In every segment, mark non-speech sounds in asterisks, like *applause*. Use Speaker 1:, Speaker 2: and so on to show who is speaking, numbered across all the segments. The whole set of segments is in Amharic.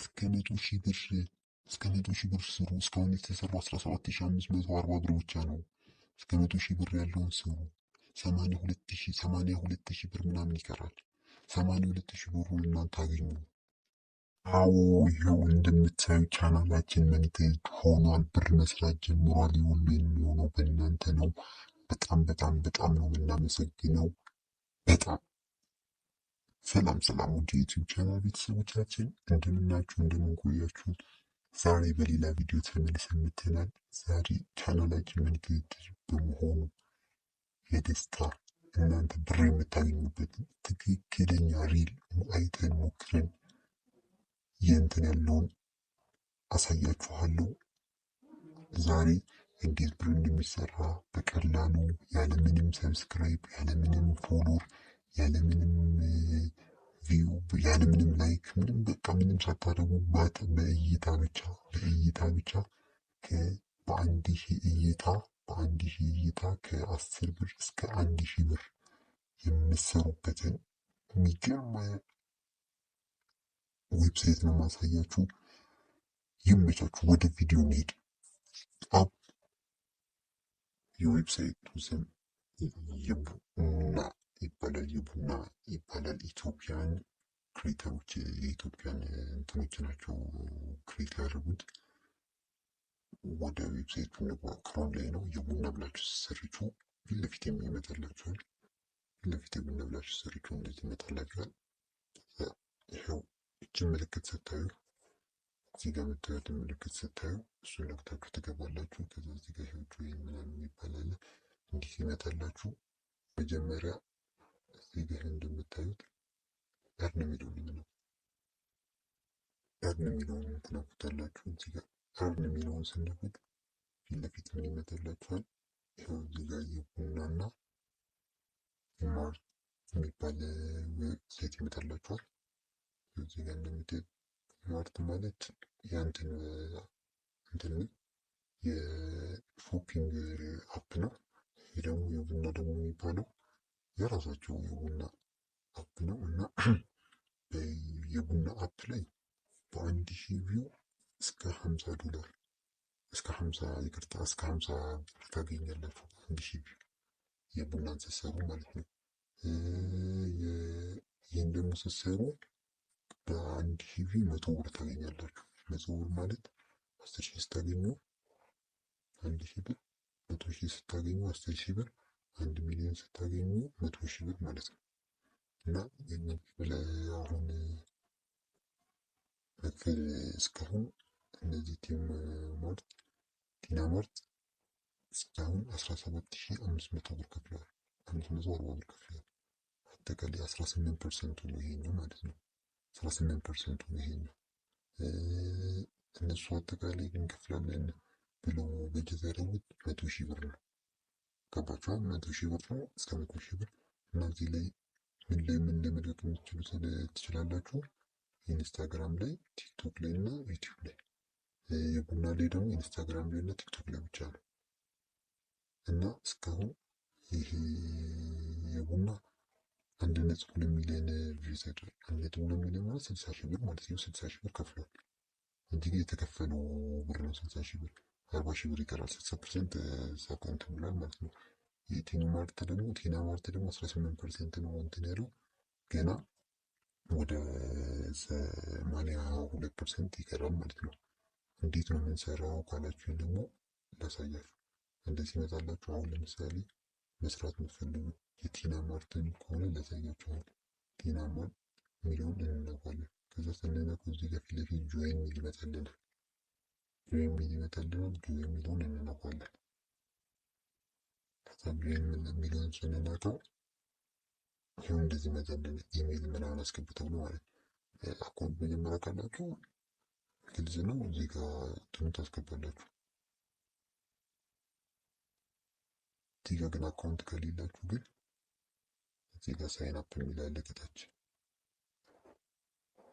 Speaker 1: እስከ መቶ ሺህ ብር እስከ መቶ ሺህ ብር ስሩ። እስካሁን የተሰሩ አርባ ብር ብቻ ነው። እስከ መቶ ሺህ ብር ያለውን ስሩ። 82 ሁለት ሺህ ብር ምናምን ይቀራል። ሁለት ሺህ ብሩ እናንተ አገኙ። አዎ ይኸው እንደምታዩ ቻናላችን መንገድ ሆኗል። ብር መስራት ጀምሯል። ሊሆን የሚሆነው በእናንተ ነው። በጣም በጣም በጣም ነው የምናመሰግነው በጣም ሰላም ሰላም ውድ የዩቲዩብ ቻናል ቤተሰቦቻችን እንደምናችሁ እንደምንቆያችሁ፣ ዛሬ በሌላ ቪዲዮ ተመልሰን መጥተናል። ዛሬ ቻናላችን መንገድር በመሆኑ የደስታ እናንተ ብር የምታገኙበትን ትክክለኛ ሪል አይተን ሞክረን የእንትን ያለውን አሳያችኋለሁ። ዛሬ እንዴት ብር እንደሚሰራ በቀላሉ ያለምንም ሰብስክራይብ ያለምንም ፎሎር ያለምንም ቪው ያለምንም ላይክ ምንም በቃ ምንም ሳታደርጉ በእይታ ብቻ በእይታ ብቻ በአንድ ሺህ እይታ በአንድ ሺህ እይታ ከአስር ብር እስከ አንድ ሺህ ብር የምትሰሩበትን የሚገርም ዌብሳይት ነው ማሳያችሁ። ይመቻችሁ። ወደ ቪዲዮ ሄድ አብ የዌብሳይቱ ስም ይባላል የቡና ይባላል። ኢትዮጵያን ክሬተሮች የኢትዮጵያን እንትኖች ናቸው ክሬት ያደረጉት። ወደ ዌብሳይቱ ንግባ። ክሮም ላይ ነው የቡና ብላችሁ ስትሰርቹ ፊት ለፊት የሚመጣላችኋል። ፊት ለፊት የቡና ብላችሁ ስትሰርቹ እንደዚህ ይመጣላችኋል። ይኸው እችን ምልክት ስታዩ እዚህ ጋር የምታዩትን ምልክት ስታዩ እሱን ነክታችሁ ትገባላችሁ። ከዛ እዚህ ጋር ሄዎቹ ምናምን ይባላል። እንዲህ ይመጣላችሁ መጀመሪያ እንደምታዩት ኤርን የሚለውን ነው። ኤርን የሚለውን ትነኩታላችሁ። እዚህ ጋር ኤርን የሚለውን ስንነኩት ፊት ለፊት ምን ይመጣላችኋል? ይኸው እዚህ ጋር የቡና እና ማር የሚባል ሴት ይመጣላችኋል። እዚህ ጋር እንደምታዩት ማርት ማለት የአንተን እንትን የሾፒንግ አፕ ነው። ይህ ደግሞ የቡና ደግሞ የሚባለው የራሳቸው የቡና አፕ ነው እና *clears throat* የቡና አፕ ላይ በአንድ ሺ ቪው እስከ ሀምሳ ዶላር እስከ ሀምሳ ይቅርታ እስከ ሀምሳ ብር ታገኛላችሁ። አንድ ሺ ቪው የቡናን ስትሰሩ ማለት ነው። ይህን ደግሞ ስትሰሩ በአንድ ሺ ቪው መቶ ብር ታገኛላችሁ። መቶ ብር ማለት አስር ሺ ስታገኙ አንድ ሺ ብር፣ መቶ ሺ ስታገኙ አስር ሺ ብር አንድ ሚሊዮን ስታገኙ መቶ ሺ ብር ማለት ነው። እና ይህንን ክፍል አሁን መክፈል እስካሁን እነዚህ ቲም ማርት ቲና ማርት እስካሁን አስራ ሰባት ሺ አምስት መቶ ብር ከፍለዋል። አምስት መቶ አርባ ብር ከፍለዋል። አጠቃላይ አስራ ስምንት ፐርሰንቱ ነው ይሄኛው ማለት ነው። አስራ ስምንት ፐርሰንቱ ነው ይሄኛው። እነሱ አጠቃላይ እንከፍላለን ብለው በጀት ያደረጉት መቶ ሺህ ብር ነው። ገባቸው መቶ ሺህ ብር ነው እስከ መቶ ሺህ ብር እነዚህ ላይ ምን ላይ ምን ላይ ለመጠቀም ትችላላችሁ? ኢንስታግራም ላይ ቲክቶክ ላይ እና ዩቲዩብ ላይ የቡና ላይ ደግሞ ኢንስታግራም ላይ እና ቲክቶክ ላይ ብቻ ነው እና እስካሁን ይሄ የቡና አንድ ነጥብ ሁለት ሚሊዮን ቪው ይሰጣል። አንድ ነጥብ ሁለት ሚሊዮን ማለት ስልሳ ሺህ ብር ማለት ነው። ስልሳ ሺህ ብር ከፍሏል። እንዲህ የተከፈለው ብር ነው ስልሳ ሺህ ብር አርባ ሺህ ብር ይቀራል። ስልሳ ፐርሰንት እዛ አካውንት ብሏል ማለት ነው። የቴና ማርት ደግሞ ቴና ማርት ደግሞ አስራ ስምንት ፐርሰንት ነው እንትን ያለው ገና ወደ ሰማንያ ሁለት ፐርሰንት ይቀራል ማለት ነው። እንዴት ነው የምንሰራው ካላችሁኝ ደግሞ ላሳያችሁ። እንደዚህ ይመጣላችሁ። አሁን ለምሳሌ መስራት የምትፈልጉ የቴና ማርትን ከሆነ ላሳያችኋል። ቴና ማርት የሚለውን እንነኳለን። ከዛ ስንነኩ እዚህ ከፊት ለፊት ጆይን የሚል ይመጣልናል። የሚመጣ እንደሆነ ጊዜ የሚለውን እንነካለን። ከዛ ጊዜ የሚለውን ስንነካው ይኸው እንደዚህ መጣለን። ኢሜይል ምናምን አስገብተው ነው ማለት አካውንት መጀመሪያ ካላችሁ ግልጽ ነው። እዚህ ጋር ትምህርት አስገባላችሁ። እዚህ ጋር ግን አካውንት ከሌላችሁ ግን እዚህ ጋር ሳይን አፕ የሚላለ ከታች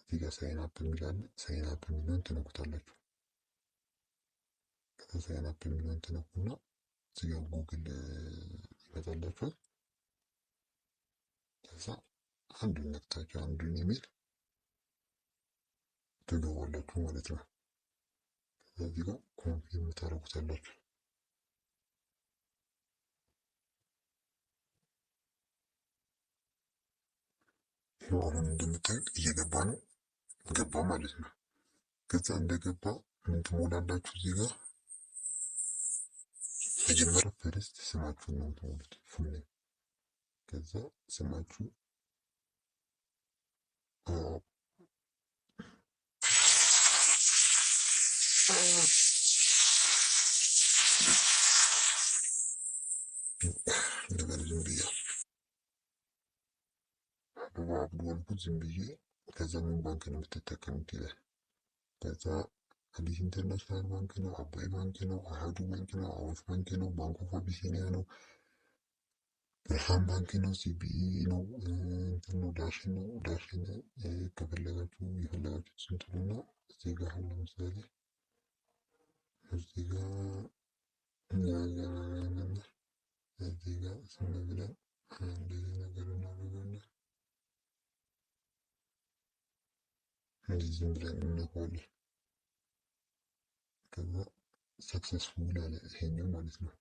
Speaker 1: እዚህ ጋር ሳይን አፕ የሚላለ ሳይን አፕ የሚለውን ትነኩታላችሁ። ከዛ ያላፕል የሚለውን ተነኩና እዚጋ ጉግል ይመጣላችኋል። ከዛ አንዱን ነክታችሁ አንዱን ኢሜል ትገባላችሁ ማለት ነው። ከዛ ጋር ኮንፊርም ታደርጉታላችሁ። ይኸው አሁን እንደምታዩት እየገባ ነው ገባ ማለት ነው። ከዛ እንደገባ ምን ትሞላላችሁ እዚጋ መጀመሪያ ፈረስት ስማችሁን ነው የምትሞሉት ፉል ኔም። ከዛ ስማችሁ ነበር ዝም ብዬ ሀበባ አብዱ አልኩት ዝም ብዬ። ከዛ ምን ባንክ ነው የምትጠቀሙት ይላል። ከዛ አዲስ ኢንተርናሽናል ባንክ ነው፣ አባይ ባንክ ነው፣ አህዱ ባንክ ነው፣ አዋሽ ባንክ ነው፣ ባንክ ኦፍ አቢሲኒያ ነው፣ ብርሃን ባንክ ነው፣ ሲቢኢ ነው፣ እንትን ነው፣ ዳሽን ነው። ዳሽን ከፈለጋችሁ የፈለጋችሁት ስንትሉ እና እዚህ ጋ አሁን ለምሳሌ እዚህ ጋ ያዘናናና እዚህ ጋ ስም ብለን እንደዚህ ነገር እናደርጋለን። እንደዚህ ብለን እናሆዋለን ከዛ ሰክሰስፉል አለ ይሄኛው ማለት ነው።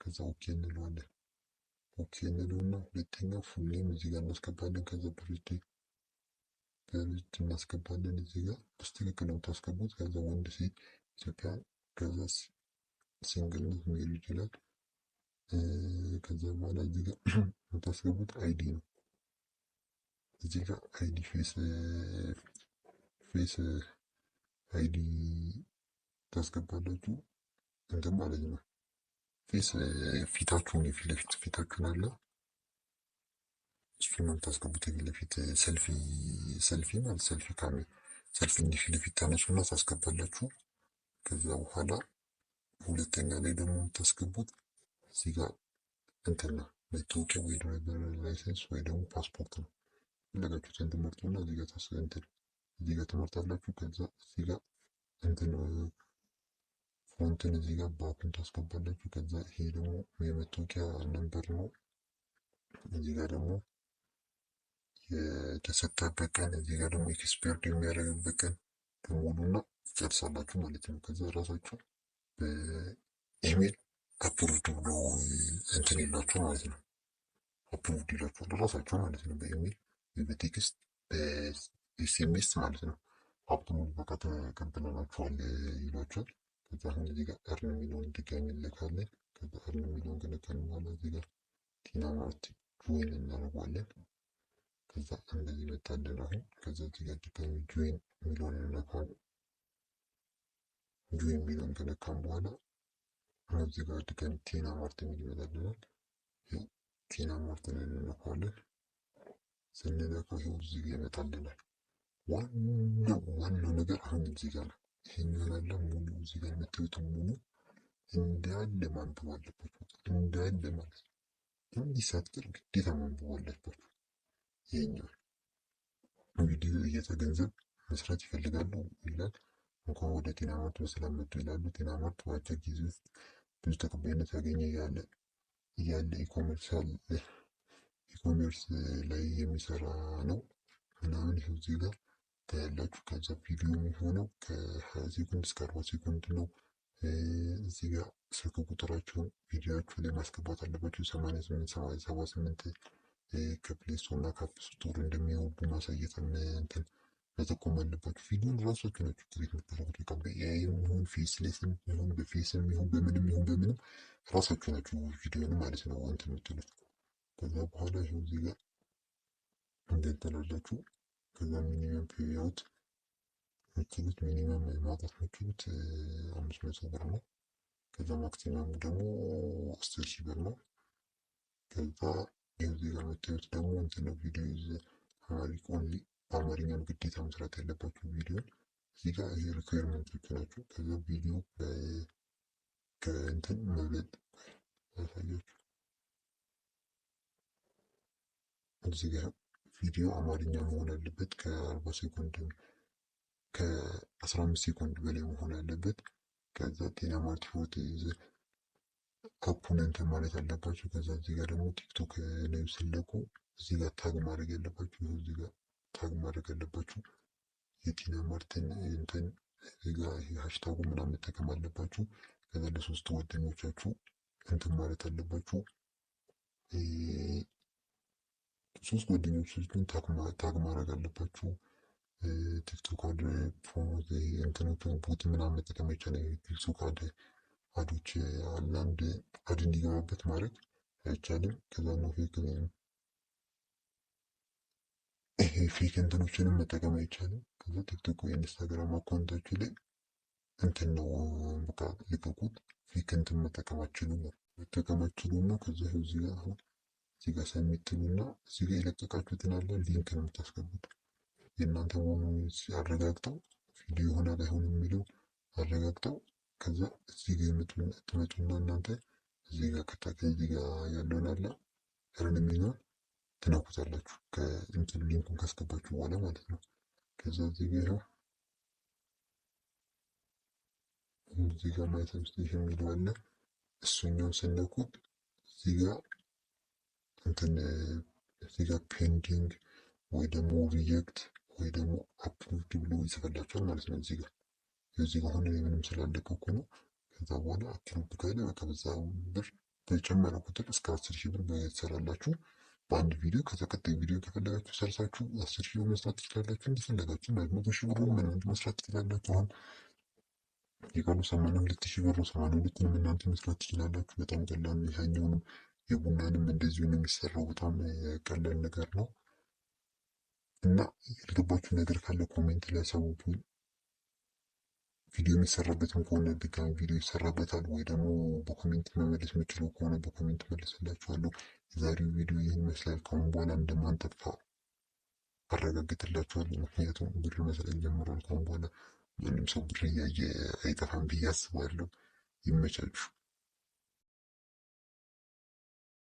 Speaker 1: ከዛ ኦኬ እንለዋለን። ኦኬ እንለውና ሁለተኛው ፉል ኔም እዚህ ጋር እናስገባለን። ከዛ በርጅ በርጅ እናስገባለን እዚህ ጋር በስትክክል ነው የምታስገቡት። ከዛ ወንድ ሴት ኢትዮጵያ ከዛ ሲንግልነት ሚሄዱ ይችላል። ከዛ በኋላ እዚህ ጋር *clears throat* የምታስገቡት አይዲ ነው። እዚህ ጋር አይዲ ፌስ ፌስ አይዲ ታስገባላችሁ እንትን ማለት ነው። ፌስ ፊታችሁን የፊት ለፊት ፊታችሁን አለ እሱ ነው የምታስገቡት። የፊት ለፊት ሰልፊ ሰልፊ ማለት ሰልፊ ካሜ ሰልፊ ፊት ለፊት ታነሱና ታስገባላችሁ። ከዛ በኋላ ሁለተኛ ላይ ደግሞ የምታስገቡት እዚህ ጋር እንትን ነው መታወቂያ ወይ ድራይቨር ላይሰንስ ወይ ደግሞ ፓስፖርት ነው። ፈለጋችሁትን ትምህርት እና እዚህ ጋር ታስ እንትን እዚህ ጋር ትምህርት ከዛ እዚህ ጋር እንትን እናንተን እዚህ ጋር ባንኩን ታስገባላችሁ። ከዛ ይሄ ደግሞ የመታወቂያ ነንበር ነው። እዚህ ጋር ደግሞ የተሰጠበት ቀን፣ እዚህ ጋር ደግሞ ኤክስፐርድ የሚያደርግበት ቀን በሙሉና ትጨርሳላችሁ ማለት ነው። ከዛ ራሳችሁ በኢሜል አፕሩድ ብሎ እንትን ይላችሁ ማለት ነው። አፕሩድ ይላችኋል ራሳችሁ ማለት ነው። በኢሜል ወይ በቴክስት በኤስኤምኤስ ማለት ነው። አፕሩድ በቃ ተቀብለናችኋል ይሏችኋል። ከዛ አሁን እዚህ ጋር ኤርን የሚለውን ድጋሚ እንልካለን። ከዛ ኤርን የሚለውን ከነካን በኋላ እዚህ ጋር ቲና ማርት ጆይን እናደርጓለን። ከዛ እንደዚህ መታደል አሁን ከዛ እዚህ ጋር ድጋሚ ጆይን የሚለውን ጆይን የሚለውን ከነካን በኋላ እዚህ ጋር ድጋሚ ቲና ማርት የሚል ይመጣልናል። ቲና ማርትን እንነካዋለን። ስንነካው ይኸው እዚህ ይመጣልናል። ዋናው ዋናው ነገር አሁን እዚህ ጋር ነው። ይሄን ይሆናል ሙሉ እዚህ ጋር የምታዩትን ሙሉ እንዳለ ማንበብ አለባችሁ። እንዳለ ማለት ነው። እንዲህ ሳትቀር ግዴታ ማንበብ አለባችሁ። ይሄኛል ቪዲዮ እየተገንዘብ መስራት ይፈልጋሉ ይላል። እንኳን ወደ ጤና ማርት በሰላም መጡ ይላሉ። ጤና ማርት በአጭር ጊዜ ውስጥ ብዙ ተቀባይነት ያገኘ ያለ እያለ ኢኮሜርስ ላይ የሚሰራ ነው ምናምን ይኸው እዚህ ጋር ታያላችሁ። ከዛ ቪዲዮ የሚሆነው ከሀያ ሴኮንድ እስከ አርባ ሴኮንድ ነው። እዚህ ጋር ስልክ ቁጥራቸውን ቪዲዮዎቹ ላይ ማስገባት አለባቸው። ሰማንያ ስምንት ሰማንያ ሰባ ስምንት ከፕሌይ ስቶር እና ከአፕ ስቶር እንደሚወርዱ ማሳየት እንትን መጠቆም አለባቸው። ቪዲዮን ራሳቸው ናቸው ክሬት የምታደርጉት። በቃ በኤአይም ይሁን ፌስ ሌስም ይሁን በፌስም ይሁን በምንም ይሁን በምንም ራሳቸው ናቸው ቪዲዮን ማለት ነው እንትን የምትሉት። ከዛ በኋላ ይኸው እዚህ ጋር እንደንተናላችሁ ከዛ ሚኒመም ፔሪዮድ የምትሉት ሚኒመም ማውጣት የምትሉት ነው። ከዛ ማክሲመሙ ደግሞ አስር ሺህ ብር ነው። ከዛ ገንዜ ጋር ደግሞ እንትን ቪዲዮ አማሪክ ኦንሊ ግዴታ መስራት ያለባቸው ቪዲዮን እዚህ ጋር ይሄ ሪኳርመንቶቹ ናቸው። ከዛ ቪዲዮ ከእንትን መብለጥ ያሳያችሁ እዚህ ጋር ቪዲዮ አማርኛ መሆን አለበት። ከ ከ40 ሴኮንድ ከ15 ሴኮንድ በላይ መሆን አለበት። ከዛ ጤና ማርቲ ፎርቲ አፖነንት ማለት አለባቸው። ከዛ እዚህ ጋር ደግሞ ቲክቶክ ላይ ስለቁ እዚህ ጋር ታግ ማድረግ ያለባችሁ እዚህ ጋር ታግ ማድረግ ያለባችሁ የጤና ማርትን እንትን እዚህ ጋር ሃሽታጉ ምናምን መጠቀም አለባችሁ። ከዛ ለሶስት ጓደኞቻችሁ እንትን ማለት አለባችሁ። ሶስት ጓደኞቻችሁን ታግ ማድረግ አለባችሁ። ቲክቶክ አድ ፕሮሞት እንትኖትን ቦት ምናምን መጠቀም አይቻልም። ቲክቶክ አድ አዶች አንዳንድ አድ እንዲገባበት ማድረግ አይቻልም። ከዛ ነው ፌክ ፌክ እንትኖችንም መጠቀም አይቻልም። ከዛ ቲክቶክ ወይ ኢንስታግራም አካውንታችሁ ላይ እንትን ነው በቃ ልቀቁት። ፌክ እንትን መጠቀማችሉ ነው መጠቀማችሉ ነው። ከዛ ህዚ ጋር እዚህ ጋር ሰሚት እና እዚህ ጋር የለቀቃችሁትን አለ ሊንክ ነው የምታስገቡት። የእናንተ መሆኑን አረጋግጠው ቪዲዮ ይሆናል ላይሆን የሚለው አረጋግጠው ከዛ እዚህ ጋር ትመጡና እናንተ እዚህ ጋር ከታገ እዚህ ጋር ያለውን አለ ረን የሚለውን ትነኩታላችሁ ከእንትን ሊንኩን ካስገባችሁ በኋላ ማለት ነው። ከዛ እዚህ ጋር ይኸው እዚህ ጋር ማይተም ስቴሽን የሚለው አለ እሱኛውን ስነኩት እዚህ ጋር እንትን እዚህ ጋር ፔንዲንግ ወይ ደግሞ ሪጀክት ወይ ደግሞ አፕሩቭድ ብሎ ይጽፈላቸዋል ማለት ነው። እዚህ ጋር እዚህ ጋር አሁን ምንም ስላለቀ እኮ ነው። ከዛ በኋላ አፕሩቭድ ካለ በቃ በዛ ብር በጨመረ ቁጥር እስከ አስር ሺህ ብር ትሰራላችሁ በአንድ ቪዲዮ። ከዛ ቀጣይ ቪዲዮ ከፈለጋችሁ ሰርሳችሁ አስር ሺህ ብር መስራት ትችላላችሁ። እንደፈለጋችሁ ማለት መቶ ሺህ ብር ምናምን መስራት ትችላላችሁ። አሁን የቀኑ ሰማንያ ሁለት ሺህ ብር ሰማንያ ሁለትን እናንተ መስራት ትችላላችሁ። በጣም ቀላል ነው። ያኛውንም የቡናንም እንደዚሁ ነው የሚሰራው። በጣም ቀላል ነገር ነው እና ያልገባችሁ ነገር ካለ ኮሜንት ላይ አሳውቁኝ። ቪዲዮ የሚሰራበትም ከሆነ ድጋሚ ቪዲዮ ይሰራበታል ወይ ደግሞ በኮሜንት መመለስ የምችለው ከሆነ በኮሜንት መለስላችኋለሁ። የዛሬው ቪዲዮ ይህን ይመስላል። ከአሁን በኋላ እንደማንጠፋ አረጋግጥላችኋለሁ። ምክንያቱም ብር መስለኝ ጀምሯል። ከአሁን በኋላ ማንም ሰው ብር እያየ አይጠፋም ብዬ አስባለሁ። ይመቻችሁ።